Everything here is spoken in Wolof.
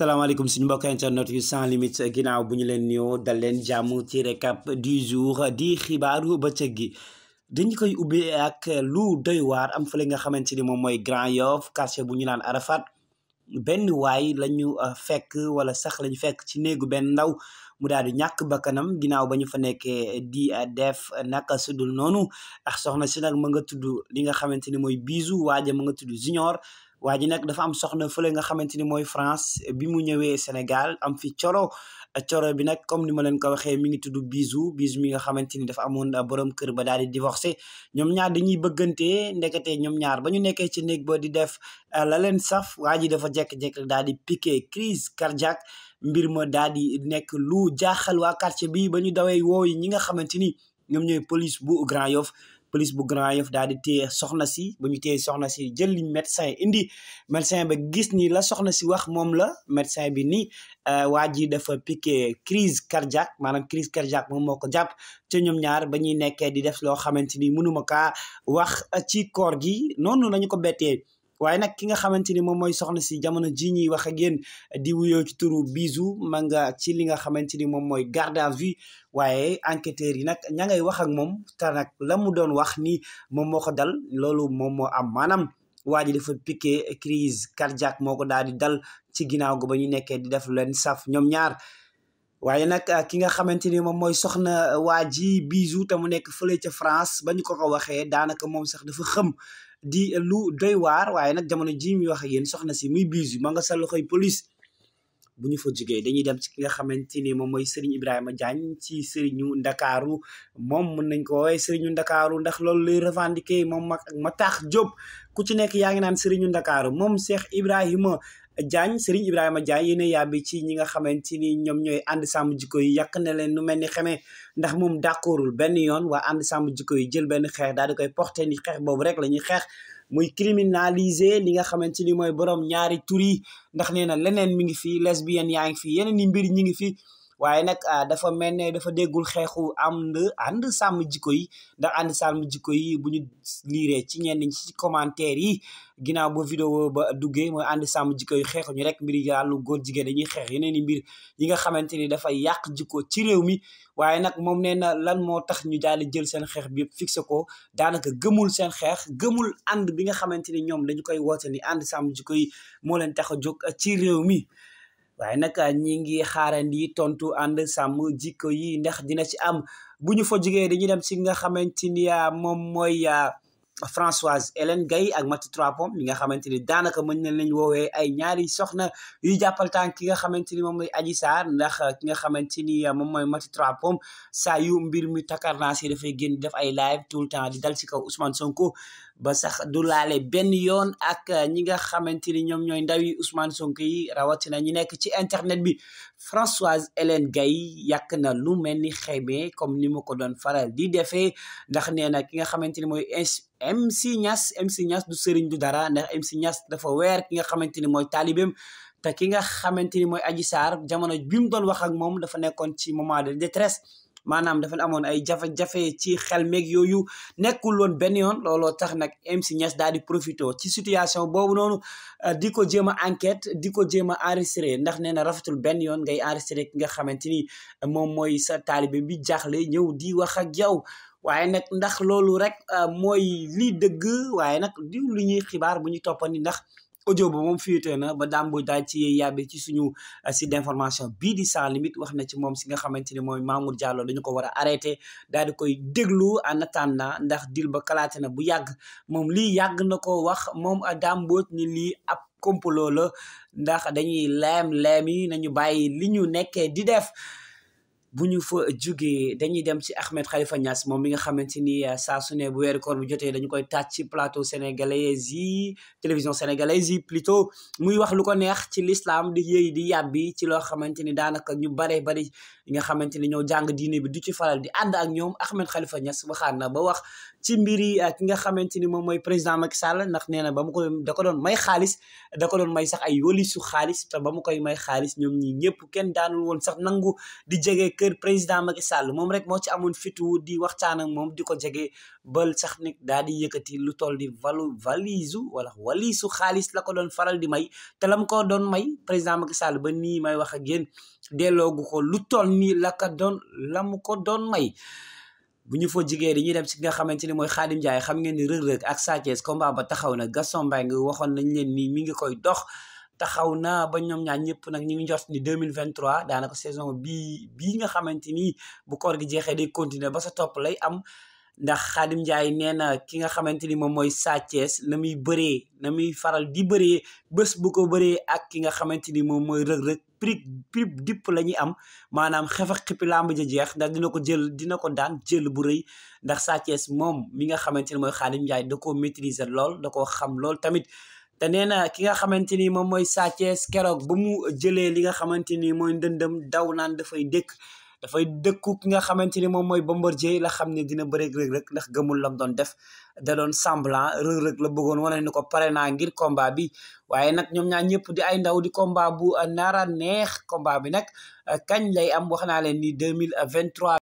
salaamaaleykum suñu mbokk internet yu sans limite ginnaaw bu ñu leen nuyoo dal leen jàmm ci récap di jour di xibaaru bëccëg gi dañu koy ubbi ak lu doy waar am fële nga xamante ni moom mooy Grand Yoff quartier bu ñu naan Arafat benn waay lañu euh, fekk wala sax lañu fekk ci néegu benn ndaw mu daal di ñàkk bakkanam ginnaaw ba ñu fa nekkee di def naka sudul noonu ndax soxna si nag ma nga tudd li nga xamante ni mooy bisu waaja ma nga tudd junior waa ji nag dafa am soxna fële nga xamante ni mooy France bi mu ñëwee Sénégal am fi coro coro bi nag comme ni ma leen ko waxee mi ngi tudd Bijou Bijou mi nga xamante ni dafa amoon ah, borom kër ba daal di divorcé ñoom ñaar dañuy bëggante ndekete ñoom ñaar ba ñu nekkee ci néeg ba di def ah, la leen saf waa ji dafa jekk-jekk daal di piqué crise cardiaque mbir ma daal di nekk lu jaaxal waa quartier bi ba ñu dawee wooyu ñi nga xamante ni ñoom ñooy police bu Grand Yoff police bu Grand Yoff daal di téye soxna si ba ñu téye soxna si jël li médecin indi médecin ba gis ni la soxna si wax moom la médecin bi ni euh, waa ji dafa piqué crise cardiaque maanaam crise cardiaque moom moo ko jàpp te ñoom ñaar ba ñuy nekkee di def loo xamante ni mënuma kaa wax ci koor gi noonu lañu ko bettee waaye nag ki nga xamante ni moom mooy soxna si jamono ji ñuy wax ak yéen di wuyoo ci turu Bijou ma nga ci li nga xamante ni moom mooy garde à waaye enquêteurs yi nag ña ngay wax ak moom te nag mu doon wax ni moom moo ko dal loolu moom moo am maanaam waa ji dafa piqué crise cardiaque moo ko daal di dal ci ginnaaw gu ba ñu nekkee di def leen saf ñoom ñaar waaye nag ah, ki nga xamante ni moom mooy soxna waa ji Bijou te mu nekk fële ca France ba ñu ko ko waxee daanaka moom sax dafa xëm di lu doy waar waaye nag jamono jii muy wax ak yéen soxna si muy biisu ma nga sa loxoy police bu ñu fa jógee dañuy dem ci ki nga xamante ni moom mooy Serigne Ibrahima Diagne ci Serigne Ndakaaru moom mën nañ ko woowee Serigne Ndakaaru ndax loolu lay revendiquer moom ma ma taax Diop ku ci nekk yaa ngi naan Serigne Ndakaaru moom Cheikh Ibrahima Diagne Serigne Ibrahima Diagne yéen a yàbbi ci ñi nga xamante ni ñoom ñooy ànd sàmm jikko yi yàq na leen nu mel ni xemee ndax moom d'accordul benn yoon waa ànd sàmm jikko yi jël benn xeex daal di koy porté ni xeex boobu rek la ñuy xeex muy criminaliser li nga xamante ni mooy borom ñaari tur yi ndax nee na leneen mi ngi fi lesbienne yaa ngi fi yeneen i mbir ñi ngi fi waaye nag ah, dafa mel ne dafa déggul xeexu ànd ànd sàmm jikko yi ndax ànd sàmm jikko yi bu ñu liiree ci ñenn ñi ci commentaire yi ginnaaw ba vidéo ba duggee mooy ànd sàmm jikko yi xeexu ñu rek mbir góor jigéen dañuy xeex yeneen i mbir yi xamante ni dafay yàq jikko ci réew mi waaye nag moom ne na lan moo tax ñu jaale jël seen xeex bi yëpp fixé ko daanaka gëmul seen xeex gëmul ànd bi nga xamante ni ñoom dañu koy woote ni ànd sàmm jikko yi moo leen tax a jóg ci réew mi waaye nag ñi ngi xaarandi tontu ànd sàmm jikko yi ndax dina ci am bu ñu fa jógee dañuy dem si nga xamante ni ah, moom mooy ah, Françoise Hélène Gaye ak Maty Trois nga xamante ni daanaka mën nañ lañ woowee ay ñaari soxna yuy jàppal tànk ki nga xamante ni moom mooy Adji Sarr ndax ki nga xamante ni ah, moom mooy Maty saa yu mbir mi takkarnaasi dafay génn def ay live tout le temps di dal si kaw Ousmane Sonko ba sax du laale benn yoon ak euh, ñi nga xamante ni ñoom ñooy ndaw yi Ousmane Sonko yi rawatina ñi nekk ci internet bi Françoise Hélène Gaye yàq na lu mel ni xeme comme ni mu ko doon faral di defee ndax nee na ki nga xamante ni mooy MC Niass MC Niass du sëriñ du dara ndax MC Niass dafa weer ki nga xamante ni mooy taalibeem te ki nga xamante ni mooy Adji Sarr jamono bi mu doon wax ak moom dafa nekkoon ci moment de détresse maanaam dafa amoon ay jafe-jafe ci xel meeg yooyu nekkul benn yoon looloo tax nag MC Niass daal di profité ci situation boobu noonu euh, di ko jéem a enquête di ko jéem a enregistré ndax nee na rafetul benn yoon ngay enregistré ki nga xamante ni moom mooy sa taalibe bi jaaxle ñëw di wax ak yow waaye nag ndax loolu rek euh, mooy lii dëgg waaye nag di lu ñuy xibaar bu ñu toppandi ndax. audio bu moom fuité na ba daam bu daaj ci yàbbi ci suñu euh, site d'information bii di sans limite wax na ci moom si nga xamante ni mooy Mamour Diallo dañu ko war a arrêté daal di koy déglu en attendant ndax dil ba kalaate na bu yàgg moom lii yàgg na ko wax moom daam mbooj ni lii ab complot la ndax dañuy leem leem yi nañu bàyyi li ñu nekkee di def bu ñu fa jugee dañuy dem ci Ahmed Khalifa Niass moom mi nga xamante ni euh, saa su ne bu weeru koor bu jotee dañu koy taaj ci plateau sénégalaise yi télévision sénégalaise yi muy wax lu ko neex ci l'islam di yëy di yàbbi ci loo xamante ni daanaka ñu bare bari nga xamante ni ñoo jàng diine bi du ci faral di ànd ak ñoom Ahmed Khalifa Niass waxaan na ba wax ci mbiri euh, ki nga xamante ni moom mooy président Macky Sall ndax nee na ba mu ko da doon may xaalis da ko doon may sax ay wëlisu xaalis te ba mu koy may xaalis ñoom ñi ñëpp kenn daanul sax nangu di jege kër président Macky Sall moom rek moo ci amoon fitu di waxtaan ak moom di ko jege bal sax nag daal di yëkkati lu toll di valu valise wala walisu xaalis la ko doon faral di may te lam ko doon may président Macky Sall ba nii may wax ak yéen delloogu ko lu toll nii la doon la mu ko doon may. bu ñu foo jigéen dañuy dem ci nga xamante ni mooy Khadim Ndiaye xam ngeen ni Reug ak Sa Thiès combat ba taxaw na Gaston Mbengue waxoon nañ leen ni mi ngi koy dox. taxaw na ba ñoom ñaar ñëpp nag ñu ngi njort ni 2023 daanaka saison bii bii nga xamante ni bu koor gi jeexee day continuer ba sa topp lay am ndax Xaadim Njaay nee na ki nga xamante ni moom mooy Sa na muy bëree na muy faral di bëree bés bu ko bëree ak ki nga xamante ni moom mooy rëg-rëg prix prix dipp la ñuy am maanaam xef ak xippi làmb jeex ndax dina ko jël dina ko daan jël bu rëy ndax Sa moom mi nga xamante ni mooy Xaadim Njaay da koo maîtriser lool te nee na ki nga xamante ni moom mooy Sa Thiès keroog ba mu jëlee li nga xamante ni mooy ndëndëm daw naan dafay dëkk dafay dëkku ki nga xamante ni moom mooy Bombardier la xam ne dina bëreeg Reug Reug ndax gëmul lam doon def da doon semblant Reug Reug la bëggoon wane ni ko pare naa ngir combat bi waaye nag ñoom ñaar ñëpp di ay ndaw di combat bu nara neex combat bi nag kañ lay am wax naa leen ni deux mille vingt-trois